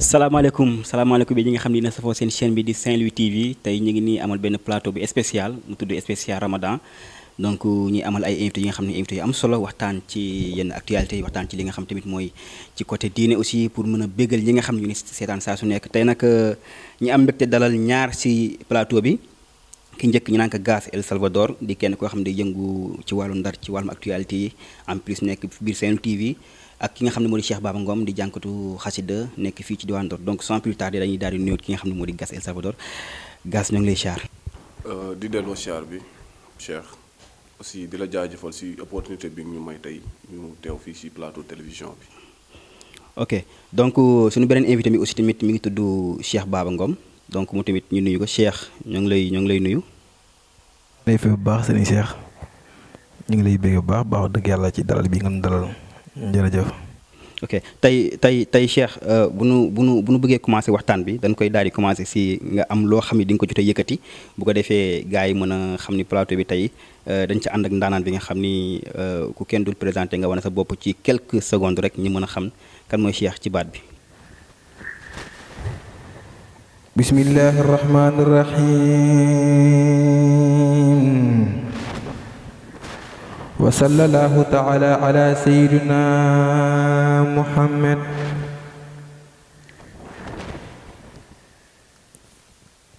salaamaaleykum salaamaaleykum bi ñi nga xam ne na safoo seen chaîne bi di Saint Louis TV tey ñu ngi nii amal benn plateau bu spécial mu tudd spécial Ramadan donc ñuy amal ay invités yi nga xam ne invités yu am solo waxtaan ci yenn actualité yi waxtaan ci li nga xam tamit mooy ci côté diine aussi pour mën a béggal ñi nga xam ne ñu ni seetaan saa ya. su nekk tey nag ñu am mbégte dalal ñaar si plateau bi ki njëkk ñu naan ko El Salvador di kenn koo xam yëngu ci wàllu ndar ci wàllum actualité en plus TV ak ki nga di Cheikh Baba Ngom di jànkatu xasida nekk fii ci diwaan Ndor donc sans plus tarder dañuy daal di ki nga El Salvador gas ñoo ngi lay siyaar. Euh, di delloo bi Cheikh aussi di la si opportunité bi ñu may ñu si plateau télévision bi. ok donc euh, suñu beneen invité mi aussi tamit mi ngi tudd Cheikh Baba Ngom donc mu tamit ñu nuyu ko Cheikh ñoo ngi lay ñoo ngi lay nuyu. lay fi bu baax sëriñ Cheikh ñu ngi lay bëgg bu baax baax dëgg yàlla ci dalal bi nga nu dalal jërëjëf. ok tey tey tey Cheikh euh, bu nu bu nu bu nu bëggee commencé waxtaan bi dañ koy daal di commencé si nga am loo xam ne di nga ko jotee yëkkati bu ko defee gars yi mën a xam ni plateau bi tey euh, dañ ci ànd ak ndaanaan bi nga xam ni euh, ku kenn dul présenté nga wane sa bopp ci quelques secondes rek ñu mën a xam kan mooy Cheikh ci baat bi. بسم الله الرحمن الرحيم وصلى الله تعالى على سيدنا محمد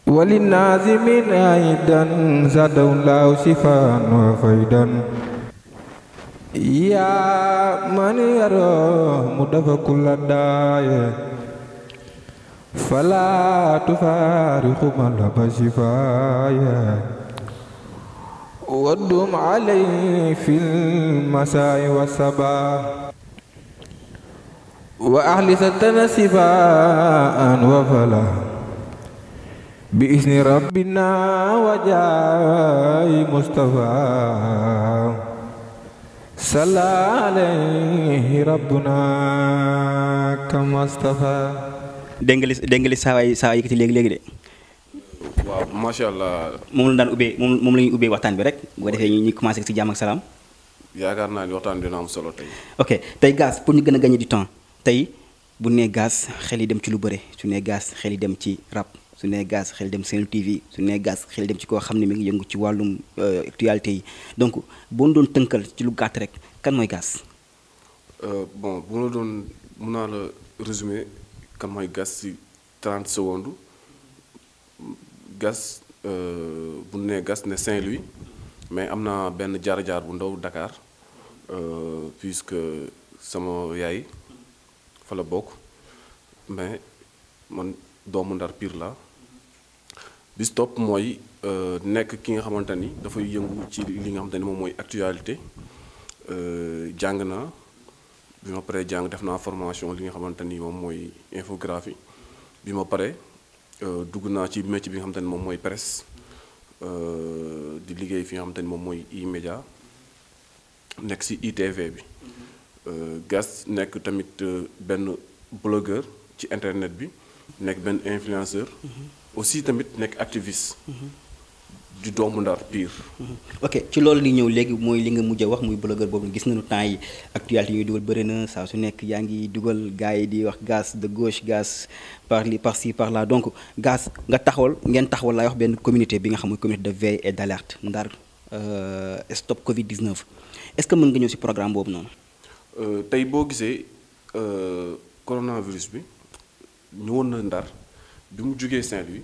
وللنازمين أيضا زاد الله شفاء وفيدا يا من يرى مدفق كل دايه فلا تفارق من شفايا ودم علي في المساء والسبا وأهل ستنا سباء وفلا بإذن ربنا وجاي مصطفى صلى عليه ربنا كما اصطفى dégg nga li dégg saa waay saa waay yëkkati léegi léegi de. waaw macha allah. moom la daan ubbee moom moom la ñuy ubbee waxtaan bi rek bu defee ñu ñu commencé ci jàmm ak salaam. naa ni waxtaan solo tey. ok tey gaz pour ñu gën a gagner du temps tey bu nee gaz xel yi dem ci lu bëre su nee gaz xel yi dem ci rap su nee gaz xel dem Sen TV su nee gaz xel dem ci koo xam ne mi ngi yëngu ci wàllum euh, actualité yi donc boo doon tënkal ci lu gàtt rek kan mooy gaz. Euh, bon bu ma doon mun naa la résumer. kan mooy gas si 30 secondes gas euh, bu ne gas ne Saint-Louis mais am na benn jaar-jaar bu ndaw Dakar euh, puisque sama yaay fa la bokk mais man doomu Ndar Pire la bis topp mooy euh, nekk ki nga xamante ni dafay yëngu ci li nga xamante ni moom mooy actualité jàng naa bi ma paree jàng def naa formation li nga xamante ni moom mooy infographie bi ma paree euh, dugg naa ci métier bi nga xamante ni moom mooy presse euh, di liggéey fi nga xamante ni moom mooy e nekk ci ITV bi euh, gas nekk tamit benn blogueur ci internet bi nekk benn influenceur mhm. aussi tamit nekk activist mhm. du dom Ndar pire. Mm-hmm. ok ci loolu ni ñëw léegi mooy li nga mujj wax muy blogueur boobu gis nañu temps yi actualité ñuy dugal bëri na saa su nekk yaa ngi dugal gars yi di wax gaz de gauche gaz par li par ci par là donc gaz nga taxawal ngeen taxawal laay wax benn communauté bi nga xam mooy communauté de veille et d' alerte Ndar euh, stop Covid 19 est ce que mën nga ñëw si programme boobu noonu. Euh, tey boo gisee euh, coronavirus bi ñëwoon na Ndar bi mu jugee Saint-Louis.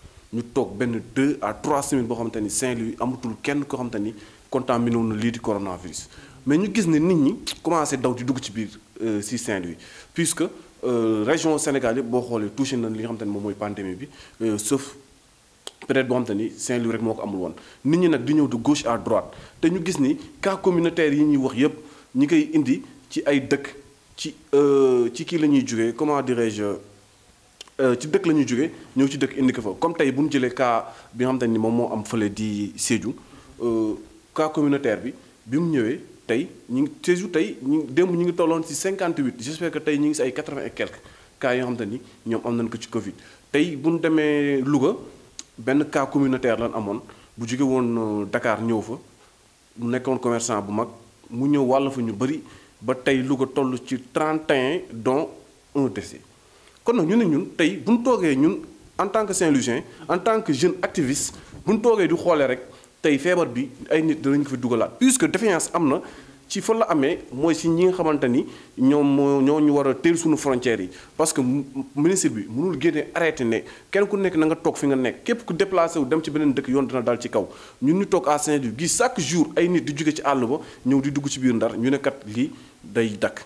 nous tok ben 2 à 3 semaines que Saint-Louis amatul kenn ko contaminé woon coronavirus mais nous gis que nit ñi commencé daw dugg euh, Saint-Louis puisque euh, région sénégalaise a touché na pandémie euh, sauf peut-être Saint-Louis rek amul de gauche à droite te ñu gis ni cas communautaire indi ci ay dëkk comment dirais-je euh, ci dëkk lañu ñuy jógee ñëw ci dëkk indi ko fa comme tay buñu ñu ka bi nga xamante ni mo moo am fële di euh ka communautaire bi bi mu ñëwé tay ñi ngi tay ñi ñu ñi ñu ngi tolloon si 58 j'espère que tay ñi ngi ci ay 80 et quelques cas yoo xamante ni ñoom am nañ ko ci Covid tay buñu démé Louga benn ka communautaire lañ amone bu jóge woon euh, Dakar ñëw fa mu nekkoon commerçant bu mag mu ñëw wàll fa ñu bëri ba tay Louga tollu ci 31 dont un décès kon nag ñu ne ñun tey buñ ñu toogee ñun en tant que saint lucien en tant que jeune activiste buñ ñu toogee di xoolee rek tey feebar bi ay nit danañ ko fi dugalaat puisque défiance am na ci fa la amee mooy si ñi nga xamante ni ñoom ñoo ñu war a teel suñu frontières yi parce que ministre bi mënul génne arrêté ne kenn ku nekk na nga toog fi nga nekk képp ku déplacé wu dem ci beneen dëkk yoon dina dal ci kaw ñun ñu toog à saint du gi chaque jour ay nit di jóge ci àll ba ñëw di dugg ci biir ndar ñu ne kat lii day dakk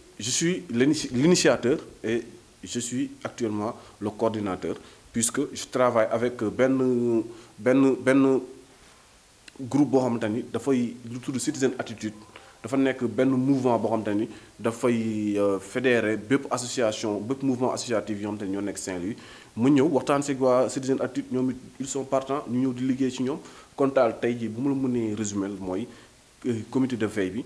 je suis l'initiateur et je suis actuellement le coordinateur puisque je travaille avec Ben Ben Ben groupe bo xamante da fay lu citizen attitude fa nek Ben mouvement bo xamante da fay euh, fédérer bépp association bépp mouvement associatif yo xamante ni nek Saint-Louis mu ñëw waxtan ci waa citizen attitude ñoom ils sont partants ñu ñëw di liggéey ci ñom kon tay ji bu mu mëne résumer moy euh, comité de veille bi.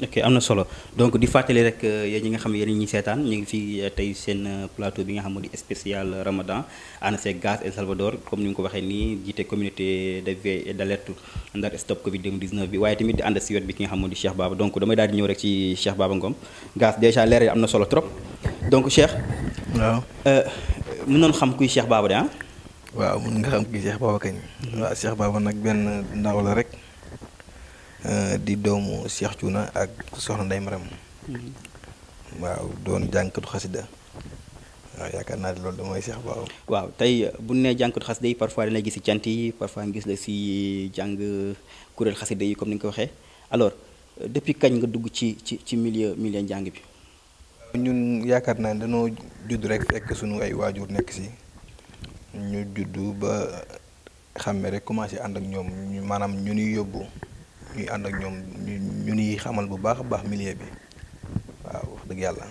ok am na solo donc di fàttali rek euh, yéen ñi nga xam ne yéen ñi seetaan ñu ngi fi euh, tey seen euh, plateau bi nga xam ne di spécial Ramadan ànd seeg Gaz El Salvador comme ni nga ko waxee nii jiite communauté de veille et d'alerte ndax stop Covid 2019 bi waaye tamit di ànd si wet bi ki nga xam ne di Cheikh Baba donc damay daal di ñëw rek ci Cheikh Baba Ngom Gaz dèjà leer yi am na solo trop donc Cheikh. waaw mën noonu xam kuy Cheikh baaba de ah. waaw mën nga xam kuy Cheikh Baba kañ. Mhm. la rek. Eh, di doomu Cheikh Cuuna ak soxna Ndey Maram hmm. waaw doon jànkatu xasida waaw yaakaar naa loolu damay Cheikh Baaw waaw tey eh, bu ne jànkatu xasida day parfois dañ gis si cant yi parfois ngis la si jàng kuréel xasida yi comme ni nga ko waxee alors eh, depuis kañ nga dugg ci ci ci milieu milieu njàng bi ñun yaakaar naa dañoo judd rek fekk suñu ay waajur nekk si ñu judd ba xàmme rek commencé ànd ak ñoom ñu maanaam ñu nuy yóbbu ñuy ànd ak ñoom ñu ñu ñuy xamal bu baax a baax milieu bi waaw wax yàlla.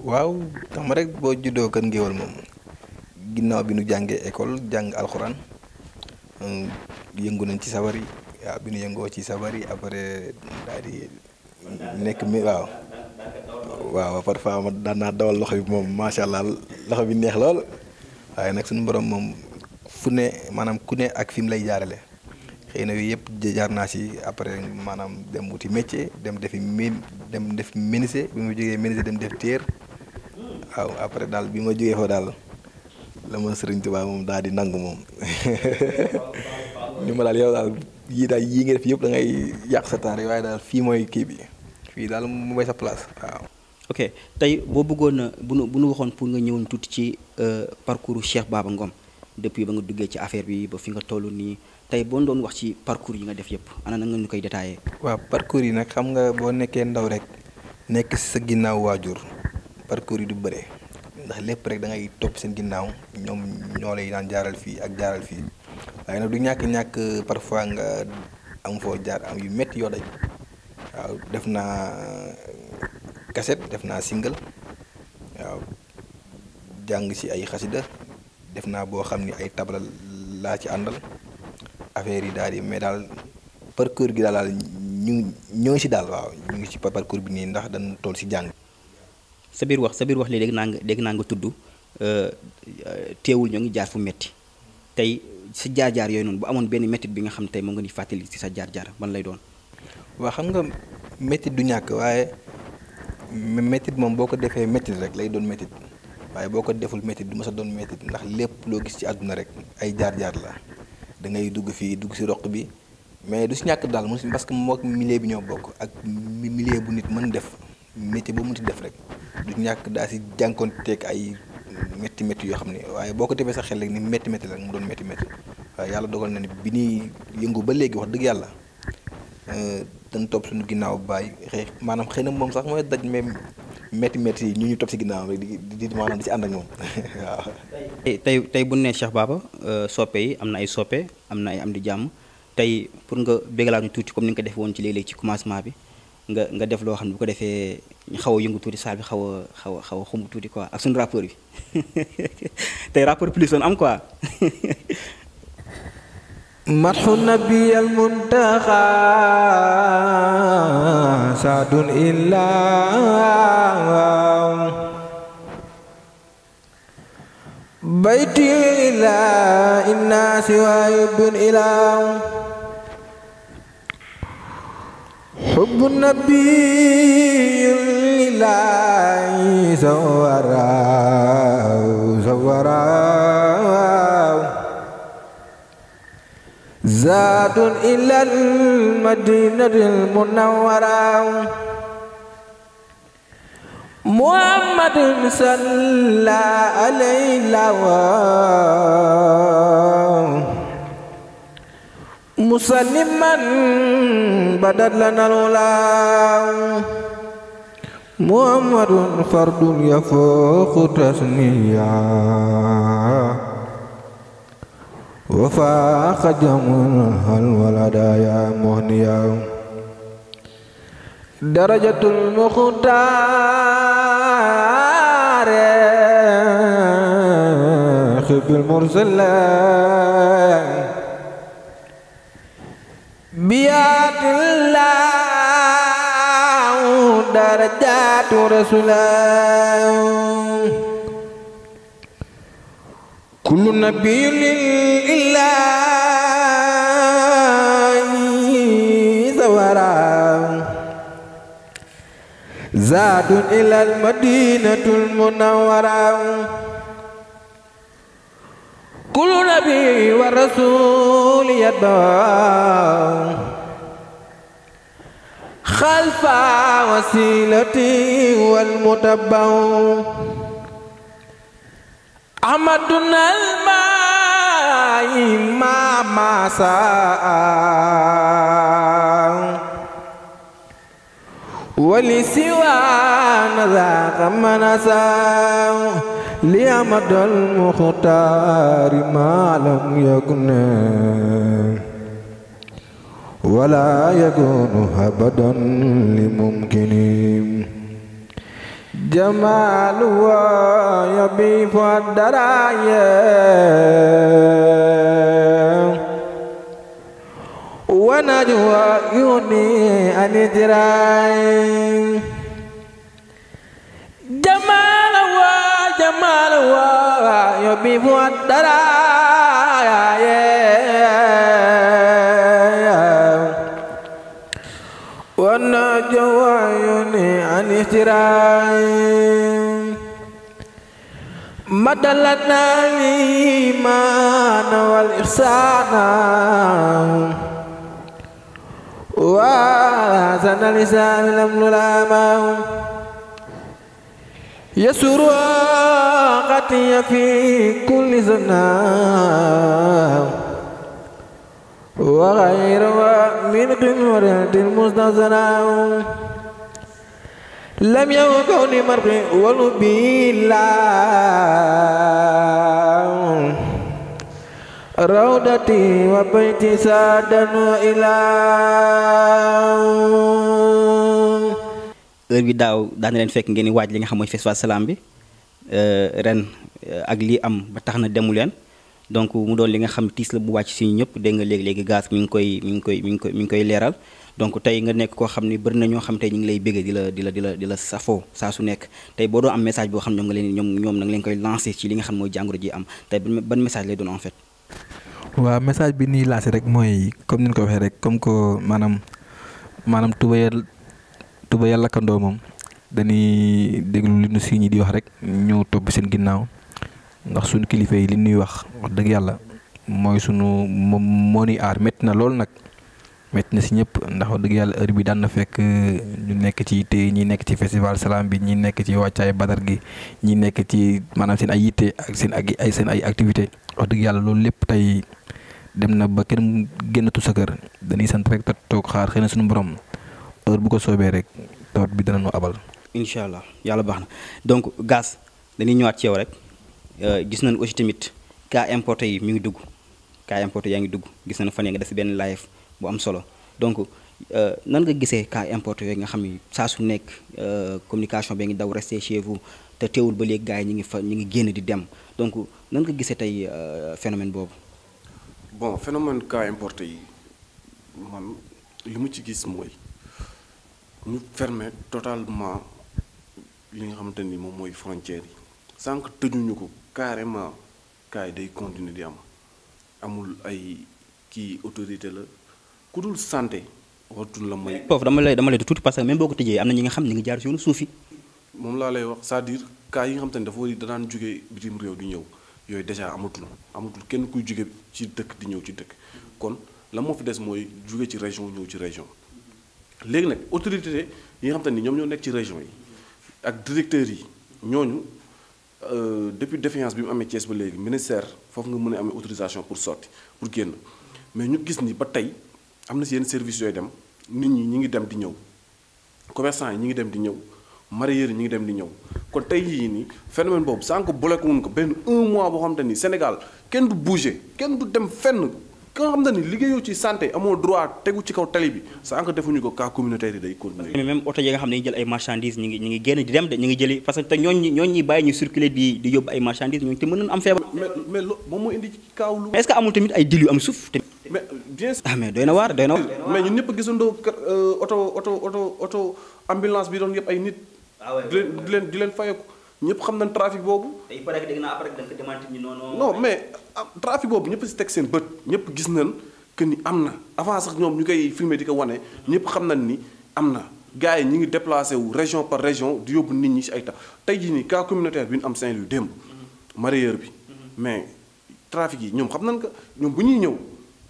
waaw tax ma rek boo juddoo kër ngéwal moom ginnaaw bi nu jàngee école jàng alxuraan um, yëngu nañ ci sabar yi waaw bi nu yëngoo ci sabar yi après daal nekk mi waaw. waaw parfois ma daan naa dawal loxo bi moom macha allah loxo bi neex lool waaye nag suñu borom moom fu ne maanaam ku ne ak fi mu lay jaarale xëy na yooyu yëpp jaar naa si après maanaam dem wuti métier dem defi min dem def menuisier bi ma jógee menuisier dem def téer waaw après daal bi ma jógee fa daal la ma sëriñ Tuubaa moom daal di nangu moom ni ma daal yow daal yii daal yii nga def yëpp da ngay yàq sa taar waaye daal fii mooy kii bi fii daal mooy sa place waaw ok tey boo bëggoon na bu nu bu nu waxoon pour nga ñëwoon tuuti ci euh, parcours Cheikh Baba Ngom depuis ba nga duggee ci affaire bi ba fi nga toll nii tey boo doon wax ci parcours yi nga def yëpp ana na nga ñu koy détaillé. waaw parcours yi nag xam nga boo nekkee ndaw rek nekk si sa ginnaaw waajur parcours yi du bëre ndax lépp rek da ngay topp seen ginnaaw ñoom ñoo lay daan jaaral fii ak jaaral fii waaye nag du ñàkk ñàkk parfois nga am foo jaar am yu métti yoo daj waaw def naa. cassette def naa single waaw jàng ci ay xasida def naa boo xam ni ay tabla laa ci àndal affaire yi daal di mais daal parcours gi daal ñu ñoo ngi ci daal waaw ñu ngi ci parcours bi nii ndax dañ toll ci jàng sa biir wax sa biir wax li dégg naa nga dégg naa nga tudd euh, teewul ñoo ngi jaar fu metti tey sa jaar jaar yooyu noonu bu amoon benn métit bi nga xam tey moo nga ni fàttali ci sa jaar jaar ban lay doon waa xam nga métit du ñàkk waaye métit moom boo ko defee métit rek lay doon métit waaye boo ko deful métit du ma sa doon métit ndax lépp loo gis ci àdduna rek ay jaar-jaar la da ngay dugg fii dugg si roq bi mais du si ñàkk daal mu parce que moo ak bi ñoo bokk ak bu nit mën def métier ba mënti def rek du ñàkk daa si jànkoonteeg ay métti métti yoo xam ne waaye boo ko defee sa xel rek ni métti métti la rek mu doon métti métti waaye yàlla dogal na ne bi ñuy yëngu ba léegi wax dëgg yàlla euh, dañ topp suñu ginnaaw bàyyi xëy maanaam xëy na moom sax mooy daj même métti métti yi ñu ñu topp si ginnaaw rek di di maanaam di si ànd ak moom tey tey bu nee Cheikh Baba euh, soppe yi am na ay soppe am na ay am di jàmm tey pour nga bégalaat tuuti comme ni nga ko defee ci léeg ci commencement bi nga nga def loo xam ne bu ko defee ñu xaw a yëngu tuuti saal bi xaw a xaw xaw a xumb tuuti quoi ak suñu rappeur bi tey rappeur plus doon am quoi. مدح النبي المنتخى سعد إلا بيتي إلى الناس وعيب إلى حب النبي لله سورا سورا زاد إلى المدينة المنورة محمد صلى عليه وسلم مسلما بدت لنا الأولى محمد فرد يفوق تسنيا وفاق جمعها الولد يا مهنيا درجة المختار خب المرسل بيات الله درجات رسوله كل نبي لله زورا زاد إلى المدينة المنورة كل نبي ورسول يدعو خلف وسيلتي والمتبع أحمدنا الماء ما ما ساء ولسوى نذاق من ساء لأمد المختار ما لم يكن ولا يكون أبدا لممكنين جماله يبيف الدرايا ونجوى يوني عن الدراي جماله جماله يبيف الدرايا عن احترام مدلتنا الإيمان والإحسان وأحسن لسان الأمن الأمام يسر وقتي في كل زمان وغير من قمرة المستزنى لم يكن مرق ونبيلا روضتي وبيتي سادا وإلى heure bi daaw daan fekk ngeen di waaj li nga xam mooy festival salaam bi euh, ren euh, ak lii am ba tax na demu leen donc mu doon li nga xam tiis la bu wàcc si ñëpp dégg nga léegi léegi gaz mi ngi koy mi ngi koy mi ngi koy mi ngi koy leeral. donc tey nga nekk koo xam ni bëri na ñoo xam tey ngi lay bégge di di la di la di la safoo saa su nekk tey boo doon am message boo xam ne nga leen ñoom ñoom na nga leen koy lancé ci li nga xam mooy jàngoro ji am tey ban message lay doon en fait waaw message bi nii lancé rek mooy comme ni ko waxee rek comme que maanaam maanaam tubayal tubayal lakkandoo moom dañuy déglu li nu si ñi di wax rek ñu topp seen ginnaaw ndax suñu kilifa yi li ñuy wax wax dëgg yàlla mooy sunu moom moo ni aar métti na loolu nag metti na si ñëpp ndax dëgg yàlla heure bi daan fekk ñu nekk ci yitte ñi nekk ci festival salam bi ñi nekk ci wàccaay badar gi ñi nekk ci maanaam seen ay yitte ak seen ak ay seen ay activité wax dëgg yàlla loolu lépp tey dem na ba kenn génnatu sa kër dañuy sant rek te toog xaar xëy suñu borom heure bu ko rek tawat bi dana abal incha allah yàlla baax na donc gaz dañuy ñëwaat ci yow rek euh, gis nañ aussi tamit cas importé yi mi ngi dugg cas importé yaa ngi dugg gis nañ fan ya nga def ben live bu am solo donc euh, nan nga gisee cas importé yooyu nga xam ni saa su nekk euh, communication bi ngi daw rester chez vous te teewul ba léegi gars yi ñu ngi fa ñu ngi génn di dem donc nan nga gisee tey euh, phénomène boobu. bon phénomène cas importé yi man li mu ci gis mooy ñu fermé totalement li nga xamante ni moom mooy frontière yi sànq tëjuñu ko carrément cas yi day continuer di am amul ay kii autorité la kudul dul santé wartul la may. foofu dama lay dama lay tuuti parce que même boko ko amna ñi nga xam ni nga ngi jaar si yoonu suuf yi. moom lay wax c'est-à-dire cas yi nga xam tane ne dafa war danaan jógee bitim réew di ñëw yooyu déjà amatul amatul kenn kuy jóge ci dëkk di ñew ci dëkk kon la moo fi des mooy jóge ci région ñëw ci région légui nak autorité yi nga xam tane ñom ñoo nek ci région yi ak directeur yi ñooñu euh, depuis défiance bi mu amee Thiès ba légui ministère foofu nga mëne amé autorisation pour sortir pour génn mais ñu gis ni ba tay am na si service yooyu dem nit ñi ñi ngi dem di ñëw commerçant yi ñi ngi dem di ñëw mareyeurs yi ñi ngi dem di ñëw kon tey yii nii phénomène boobu sànq bloqué wuñ ko benn boo xam ne ni liggéeyoo ci santé amoo droit tegu ci kaw ko cas communautaire jël ay marchandises ñu ngi ñu ngi génn di dem de ñu moom moo indi ci kaaw lu est-ce amul tamit ay dil am suuf mais bien sûr. ah mais doy na waar doy na waar. mais ñun ñëpp gisandoo euh, oto oto oto oto ambulance bi doon yëpp ay nit. Ah, di leen di leen di leen fayeku ñëpp xam nañ trafic boobu. tey pare dégg naa après da nga ko démenti ñu noonu. non mais ah, trafic boobu ñëpp si teg seen bët ñëpp gis nañ que ni am na avant sax ñoom ñu koy filmer di ko wane ñëpp xam nañ ni am na. gars yi ñu ngi déplacé wu région par région di yóbbu nit ñi si ay tax tey jii nii cas communautaire bi ñu am Saint-Louis démb. Mm-hmm. mareyeur bi. Mm-hmm. mais trafic yi ñoom xam nañ ko ñoom bu ñuy ñëw.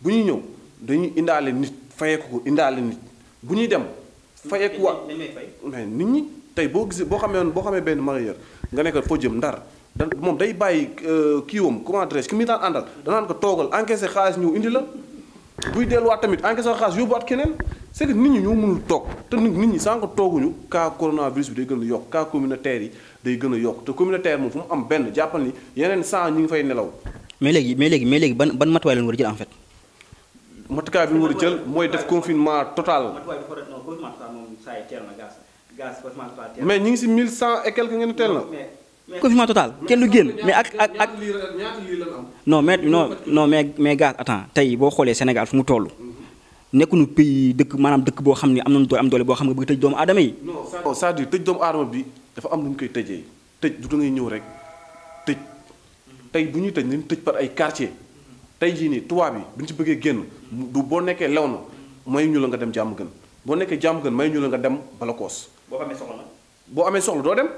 bu ñu ñëw dañuy indaale nit fayeeku ko indaale nit bu ñuy dem. fayeeku wa mais nit ñi tey boo gisee boo xamee woon boo xamee benn marieur nga nekk foo jëm ndar da moom day bàyyi euh, kiiwam comment dirais-je ki muy daan àndal danaan ko toogal encaissé xaalis ñëw indi la buy delluwaat tamit encaissé xaalis yóbbuwaat keneen c'est que nit ñi ñoo mënul toog te nit ñi sànq tooguñu cas coronavirus bi day gën a yokk cas communautaire yi day gën a yokk te communautaire moom fu mu am yeneen 100 ñu ngi fay nelaw. mais léegi mais léegi mais léegi ban ban matuwaay lañ matukaay bi mu war a jël mooy def confinement total. mais ñu ngi si mille cent et quelque ngeen teel na. confinement total kenn du génn mais ak ak ak. non mais non non mais mais gaz attends tey boo xoolee Sénégal fu mu toll. nekkuñu pays dëkk maanaam dëkk boo xam ne am nañu doole am doole boo xam ne bëgg tëj doomu aadama yi. non cest tëj doomu aadama bi dafa am lu mu koy tëjee tëj du da ñëw rek tëj. tey bu ñuy tëj nañu tëj par ay quartier tey jii nii tubaab bi bu ñu ci bëggee génn du boo nekkee lew na may ñu la nga dem jàmm gën boo nekkee jàmm gën may ñu la nga dem Balakoos. boo amee soxla boo amee soxla doo dem.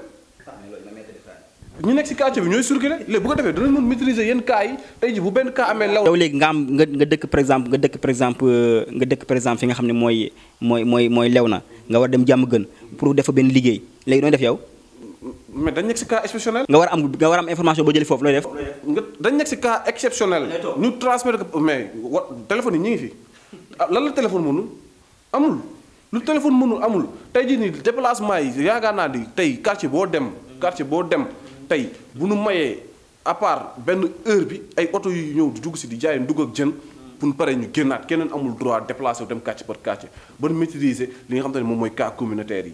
ñu nekk si quartier bi ñooy circuler léegi bu ko defee danañ mën maîtriser yenn cas yi tey ji bu benn cas amee law. yow nga am nga nga dëkk par exemple nga dëkk par exemple euh, nga dëkk par exemple fi nga xam ne mooy mooy mooy mooy lew na nga war dem jàmm gën pour def benn liggéey léegi dooy def yow. mais dañ nekk si cas exceptionnel. nga war a am nga war a am information boo jëlee foofu looy def. nga dañ nekk si cas exceptionnel. ñu transmettre mais téléphone yi ñu ngi fii ah, lan la téléphone mënul amul lu téléphone mënul amul tey jii nii déplacement yi yaakaar naa ni tey quartier boo dem. quartier boo dem tey bu nu mayee à benn heure bi ay oto yu ñëw di dugg si di jaay dugg ak jën. pour ñu paree ñu génnaat keneen amul droit déplacé wu dem quartier par quartier ba li nga xam te ne moom mooy cas communautaire yi.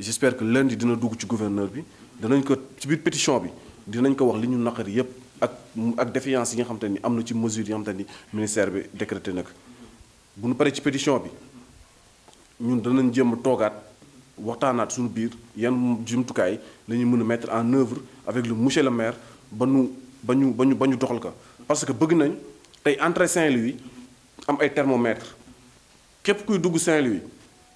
j'espère que lundi dina dugg ci gouverneur bi danañ ko ci biir pétition bi dinañ ko wax li ñu naqari yépp ak ak défiance yi nga xam te ni am na ci mesure yi nga xam ni ministère bi décrété na bu ñu paree ci pétition bi ñun danañ jéem a toogaat waxtaanaat suñu biir yan jumtukaay la ñuy mën a mettre en œuvre avec le monsieur le maire ba ñu ba ñu ba ñu ba ñu doxal ko parce que bëgg nañ tey entrée Saint-Louis am ay thermomètre képp kuy dugg Saint-Louis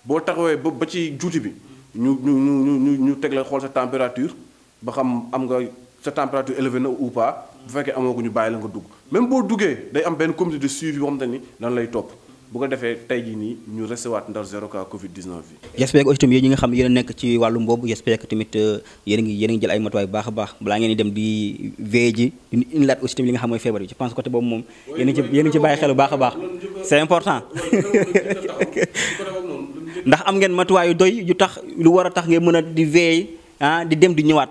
boo taxawee ba ba ci juuti bi nous nous une température ba am température élevée ou pas bu fekkee ko ñu même si duggee day am comme de suivi boo xam dans ni bu ko defee tey jii nii ñu recevoir ndar zéro cas Covid 19 bi. j'espère que nga xam ne nekk ci wàllum boobu j'espère que tamit euh, yéen a ngi yéen a ngi jël ay matuwaay baax a baax balaa ngeen dem di veillé ji di indilaat aussi tamit li nga xam mooy feebar bi je pense côté boobu moom yéen a ci yéen a ci bàyyi xel bu baax a baax c'est important. ndax am ngeen matuwaay yu doy yu tax lu war a tax ngeen mën a di veillé ah di dem di ñëwaat.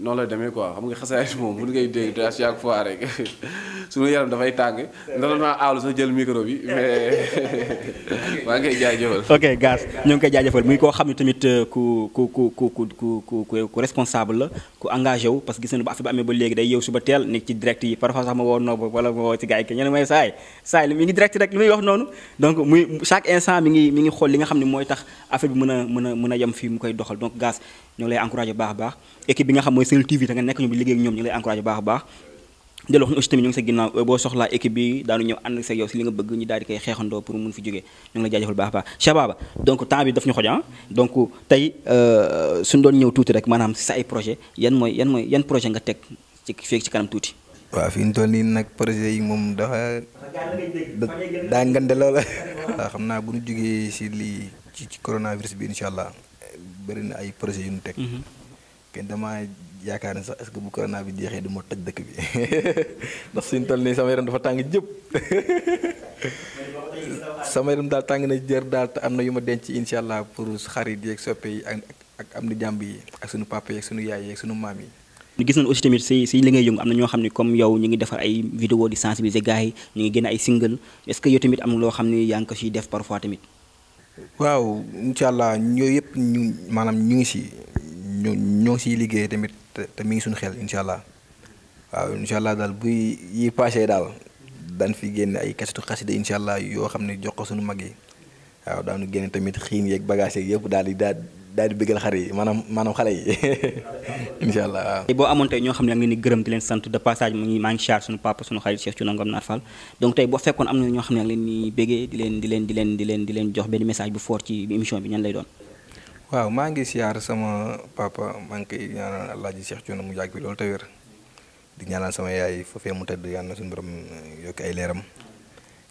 noonu la demee quoi xam nga xasaayit moom bu ngay dégg à chaque fois rek suñu yaram dafay tàng. ndax bi mais maa ngi koy jaajëfal. ok gaz ñoo ngi koy jaajëfal koo xam ne tamit euh, ku ku ku ku ku ku ku responsable la ku engagé wu parce que gis nañu ba amee ba léegi day yow suba teel nekk ci direct yi parfois yi ñu ne mooy saay saay mi ngi direct rek li muy wax noonu donc muy chaque instant mi ngi mi ngi xool li nga xam ne mooy tax affaire bi mën a mën a mën a yem fii mu koy doxal donc gaz ñoo ngi lay encouragé baax baax équipe bi nga xam mooy Sahel TV da nga nekk ñoom liggéey ñoom ñu lay encouragé baax baax delloo xam ne aussi sa ginnaaw boo soxlaa équipe bi daanu ñëw ànd li nga bëgg ñu daal di koy xeexandoo pour mun fi jógee ñu ngi la a baax Chababa donc temps bi daf ñu xoj tey euh, suñu doon ñëw tuuti rek maanaam si sa ay projet yan mooy yan mooy yan projet nga teg ci feeg ci kanam tuuti waaw fi ñu toll nii nag projet yi moom dafa daa ngande loola waaw xam naa bu nu jógee si lii ci coronavirus bi incha allah bëri na ay projet yu ñu teg mm-hmm. kenn dama yaakaar ne sax est ce que bu corona bi jeexee du ma toj dëkk bi ndax suñ toll nii sama yaram dafa tàng jëpp sama yaram daal tàng na jër daal te am na yu ma denc incha allah pour xarit yeeg soppe yi ak ak am ni jàmb yi ak suñu papa yeeg suñu yaay yeeg suñu maam yi ñu gis nañ aussi tamit si si li ngay yëngu am na ñoo xam ne comme yow ñu ngi defar ay vidéo di sensibiliser gars yi ñu ngi génn ay single est ce que yow tamit am loo xam ne yaa ngi ko siy def parfois tamit waaw incha allah ñooyu yëpp ñu maanaam ñu ngi si ñu ñoo siy liggéey tamit te mi ngi suñu xel incha allah waaw incha allah daal bu yi passé daal daan fi génn ay kasetu xasida incha allah yoo xam ne jox ko suñu mag yi waaw daanu génn tamit xiin yeeg bagage yeeg yëpp daal di daal daal di bëggal xar yi maanaam maanaam xale yi incha allah waaw boo amoon tey ñoo xam ne ngi ni gërëm di leen sant de passage mu ngi maa ngi char suñu papa suñu xarit Cheikh Cuna Ngom Naar Fall donc tey boo fekkoon am na ñoo xam ne ngi leen ni bégee di leen di leen di leen di leen di leen jox benn message bu fort ci émission bi ñan lay doon waaw maa ngi siyaar sama papa maa ngi koy ñaanal Alaaji Cheikh Thioune mu yàgg bi loolu te wér di ñaanal sama yaay foofee mu tëdd yàlla na suñu borom yokk ay leeram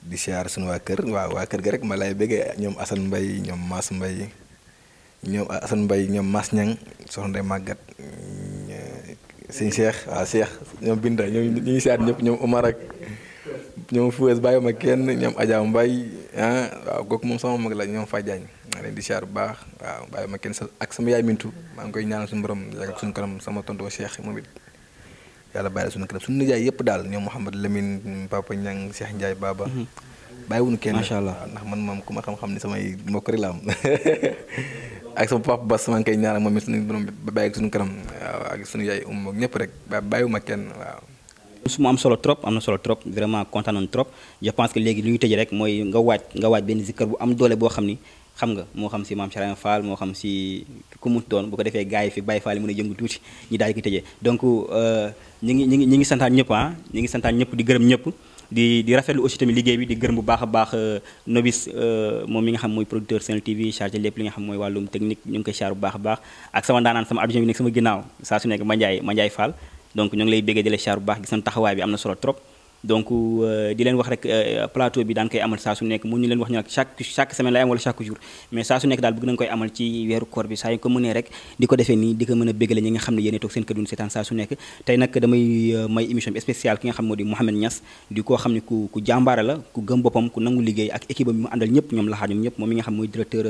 di siyaar suñu waa kër waaw waa kër ga rek ma lay bëggee ñoom Assane Mbaye ñoom Mass Mbaye ñoom ah, Assane Mbaye ñoom Mass Niang soxna Ndeye Maguette sëñ Cheikh waaw ah, Cheikh ñoom Binda ñoom ñi ngi siyaar ñëpp ñoom Omar ak ñoom es bàyyi ma kenn ñoom Adja Mbaye ah waaw kooku moom sama mag la ñoom Fadiagne maa leen di siyaar bah, baax waaw bàyyi ma kenn sa ak sama yaay Mintu ma ngi koy ñaanal borom ak suñu kanam sama tonton Cheikh moom it yàlla bàyyi la suñu kanam suñu nijaay yëpp daal ñoom Mouhamed Lamine Papa Niang Cheikh Ndiaye Baba bàyyiwuñu kenn macha allah ndax man moom ku ma xam-xam ni samay mbokk rek ak sama papa Bas maa ngi koy ñaanal moom it suñu borom bàyyi ak suñu kanam waaw ya, ak suñu yaay um ak rek kenn waaw su am solo trop amna solo trop vraiment kontaan nañu trop je pense que légui li ñu rek moy nga waaj nga waaj ben zikkër bu am doole bo xamni xam nga mo xam si mam Charain Fall mo xam si ku mu doon bu ko defé gaay fi Baye Fall mu ne a yëngu ñi daal di ko tëjee donc ñi euh, ñi ngi ñi ngi santaan ñëpp ah ñi ngi santaan ñëpp di gërëm ñepp di di rafetlu aussi tamit liggéey bi di gërëm bu baax a baax euh, Nobis euh, moom mi nga xam mooy producteur Sen TV chargé lépp li nga xam mooy wàllum technique ñu ngi koy char bu baax a baax ak sama ndaanaan sama adjoint bi nekk sama ginnaaw saa su nekk Mandiaye Mandiaye Fall donc ñoo ngi lay béggee di la char bu baax gis nañ taxawaay bi am na solo trop donc euh, di leen wax rek euh, plateau bi daan koy amal saa su nekk mu ñu leen wax ñu nag chaque chaque semaine lay am wala chaque jour mais saa su nekk daal bëgg nañ koy amal ci weeru koor bi saa yu ko mënee rek di ko defee nii di ko mën a béggale ñi nga xam ne yéen a toog seen kër seetaan saa su nekk tey nag damay euh, may émission bi spéciale ki nga xam moo di Mouhamed Niass di koo ne ku ku jàmbaara la ku gëm boppam ku nangu liggéey ak équipe bi mu ñoom laxaar ñoom ñëpp moom mi nga xam mooy directeur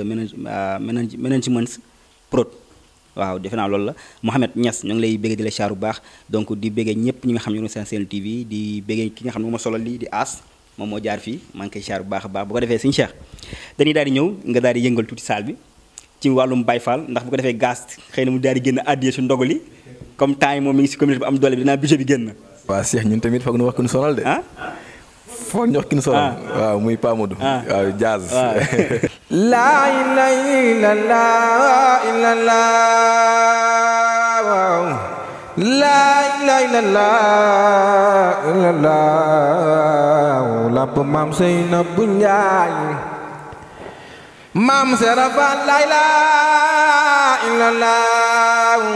waaw defe naa loolu la Mouhamed Niass ñu ngi lay béggee di la char bu baax donc di béggee ñëpp ñu nga xam ne moo ma solo lii di aas moom moo jaar fii maa ngi koy char bu baax a baax bu ko defee suñu Cheikh dañuy daal ñëw nga daal yëngal tuuti saal bi ci wàllum Baye Fall ndax bu ko defee gaz xëy na mu daal di génn àddiyee su ndogu li comme temps yi moom mi ngi si communauté bu am doole bi dinaa budget bi génn waa Cheikh ñun tamit foog nu wax ku sonal de ah? foo ñox ki nu sonal ah. waaw muy Pa Modou ah. waaw jazz ah. laa ilaaha illallaah laa ilaaha illallaah làmp maam Seynabu Njaay maam Serafal laa ilaaha illallaah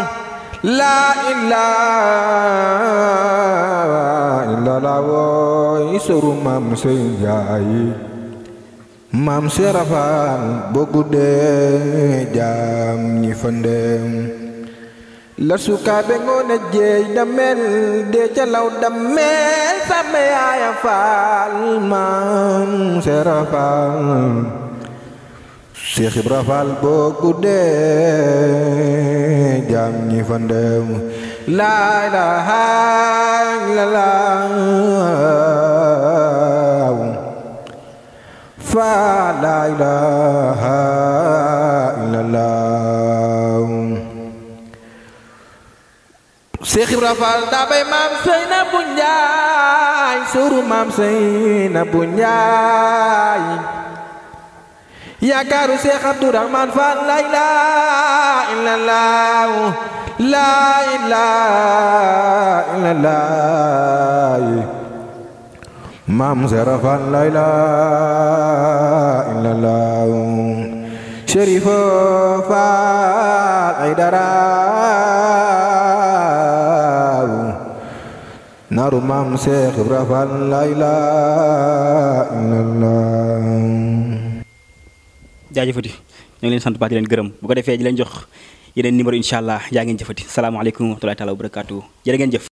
laa ilaaha salawooy suru maam sey njaayi maam serafaan boo guddee jaam ñi fëndem la sukkaabe ngoone jeey damel dee ca law damel sàmme maam serafaan Seex Ibra Faal boo guddee jaam ñi fëndem laa ilaaha illallaah faa laa ilaaha illallaah Seex Ibra Faal daa bay maam Seynabu Njaay suru maam Seynabu Njaay yaakaaru Seex Abdurahmaan Faal laa ilaaha illallaah laa ilaaha illallaah maam serafan laa ilaaha illallaah Cherifo Faal Aydara naru maam Seex Ibra Faal laa ilaaha illallaah jaajëfati ñu ngi leen sant baax di leen gërëm bu ko defee di leen jox yeneen numéro incha allah yaa ngeen jëfati salaamaaleykum wa rahmatulahi taala wa barakaatu jërë jëf